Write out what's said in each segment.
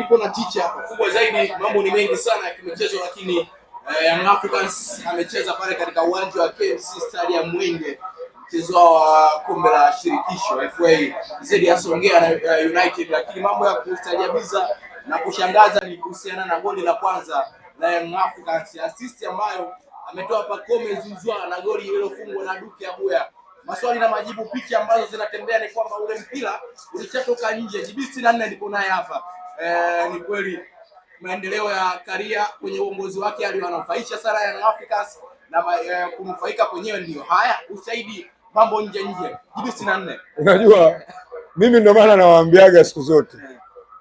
niko na ticha hapa kubwa zaidi. Mambo ni mengi sana ya kimichezo, lakini eh, Young Africans amecheza pale katika uwanja wa KMC Stadium Mwenge mchezo wa kombe la shirikisho FA zaidi ya Songea na eh, United, lakini mambo ya kustajabiza na kushangaza ni kuhusiana na goli la kwanza la Young Africans, assist ambayo ametoa Pacome Zouzoua na goli iliyofungwa na Duke Abuya. Maswali na majibu, picha ambazo zinatembea ni kwamba ule mpira ulishatoka nje. GB64 ndipo naye hapa eh, ni kweli maendeleo ya Karia kwenye uongozi wake aliyonufaisha sana Young Africans na eh, kunufaika kwenyewe ndio haya ushahidi, mambo nje nje jibu sina nne. Unajua mimi ndio maana nawaambiaga siku zote eh.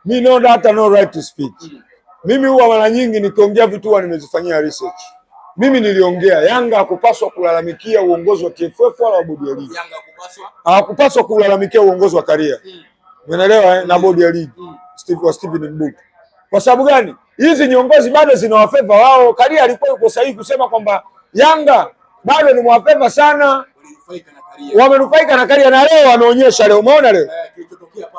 mi no data no right to speak mm. Mimi huwa mara nyingi nikiongea vitu huwa nimezifanyia research. Mimi niliongea Yanga hakupaswa kulalamikia uongozi wa TFF wala wa bodi ya ligi. Yanga hakupaswa hakupaswa kulalamikia uongozi wa Karia, mm. umeelewa mm. eh? na mm. bodi ya ligi mm. Steve wa Steven Mbuku. Kwa sababu gani? Hizi nyongozi bado zinawafeva wao. Karia alikuwa yuko sahihi kusema kwamba Yanga bado ni mwafeva sana, wamenufaika na Karia na leo wameonyesha, leo umeona leo eh,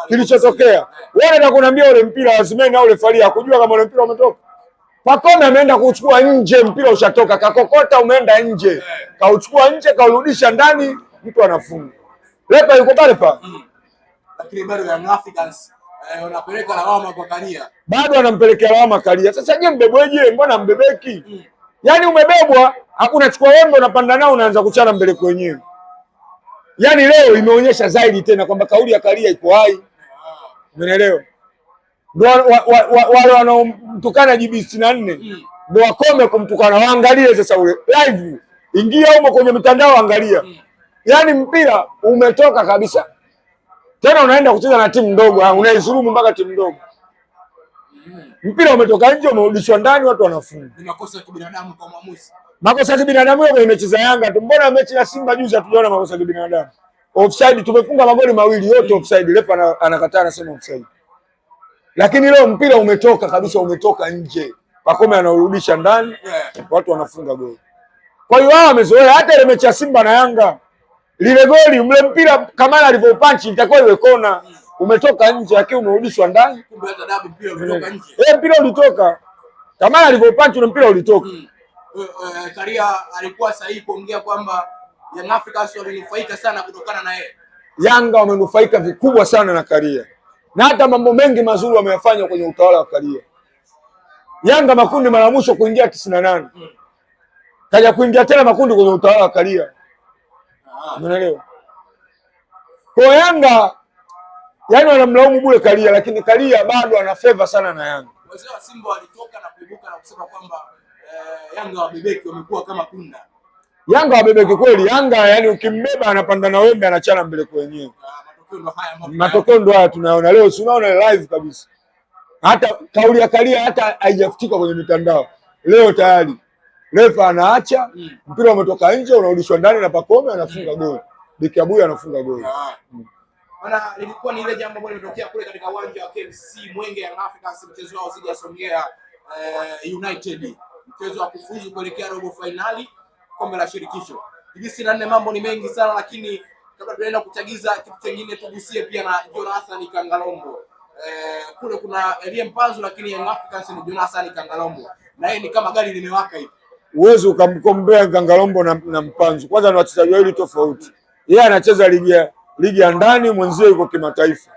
kilichotokea. Wewe ndio ule mpira lazimeni au ule faria kujua kama ule mpira umetoka. Pakome ameenda kuchukua nje, mpira ushatoka, kakokota umeenda nje, eh. kauchukua nje, kaurudisha ndani, mtu anafunga. Lepa yuko pale pale. Hmm. Lakini bado Young Africans Eh, unapeleka lawama kwa Bado anampelekea lawama Kalia. Sasa je, mbebweje? Mbona mbebeki? Mm. Yaani umebebwa, unachukua wembe unapanda nao unaanza kuchana mbele kwenyewe. Yaani leo imeonyesha zaidi tena kwamba kauli ya kalia iko hai. Umeelewa? Ndio wale wanaomtukana GB 64 ndio wakome kumtukana, waangalie sasa ule live. Ingia huko kwenye mitandao, angalia. Hmm. Yaani mpira umetoka kabisa tena unaenda kucheza na timu ndogo, ah, unaizulumu mpaka timu ndogo. Mpira umetoka nje, umerudishwa ndani, watu wanafunga. Ni Makosa ya kibinadamu kwa mwamuzi, makosa ya kibinadamu kwenye mechi za Yanga tu. Mbona mechi ya Simba juzi hatujaona makosa ya kibinadamu? Offside, tumefunga magoli mawili yote offside, refa anakataa, anasema offside. Lakini leo mpira umetoka kabisa, umetoka nje, Pakome anaurudisha ndani, watu wanafunga goli. Kwa hiyo wao wamezoea, hata ile mechi ya Simba na Yanga lile goli mle mpira Kamara alivyopanchi itakuwa iwe kona, umetoka nje, lakini umerudishwa ndani. hata eh, eh, mpira ulitoka Kamara alivyopanchi ule mpira ulitoka. Hmm. Eh, Karia alikuwa sahihi kuongea kwamba Young Africans wamenufaika sana kutokana na yeye. Yanga wamenufaika vikubwa sana na Karia, na hata mambo mengi mazuri wameyafanya kwenye utawala wa Karia. Yanga makundi mara mwisho kuingia tisini na nane hmm. kaja kuingia tena makundi kwenye utawala wa Karia. Unaelewa? Kwa Yanga yani wanamlaumu bure Kalia, lakini Kalia bado ana favor sana na Yanga. Wazee wa Simba walitoka na kuibuka na kusema kwamba eh, Yanga wabebeki wamekuwa kama punda. Yanga wabebeki kweli. Yanga yani ukimbeba anapanda na wembe anachana mbele kwa wenyewe. Ah, matokeo ndo haya tunaona leo, si unaona live kabisa. Hata kauli ya Kalia hata haijafutika kwenye mitandao leo tayari refa anaacha mm. mpira umetoka nje, unarudishwa ndani na Pakome mm. anafunga goli, Beki Abuya anafunga goli. Maana ilikuwa ni ile jambo ambalo limetokea kule katika uwanja wa KMC Mwenge, Young Africans mchezo wao zidi ya Songea eh, United, mchezo wa kufuzu kuelekea robo finali kombe la shirikisho. Hivi si nane, mambo ni mengi sana, lakini kabla tunaenda kuchagiza kitu kingine, tugusie pia na Jonathan Kangalombo. Eh, kule kuna Elie Mpanzu, lakini Young Africans ni Jonathan Kangalombo, na yeye ni kama gari limewaka hivi Uwezi ukamkombea Ngangalombo na, na Mpanzu. Kwanza ni wachezaji wawili tofauti, yeye anacheza ligi ya ligi ya ndani, mwenzie yuko kimataifa.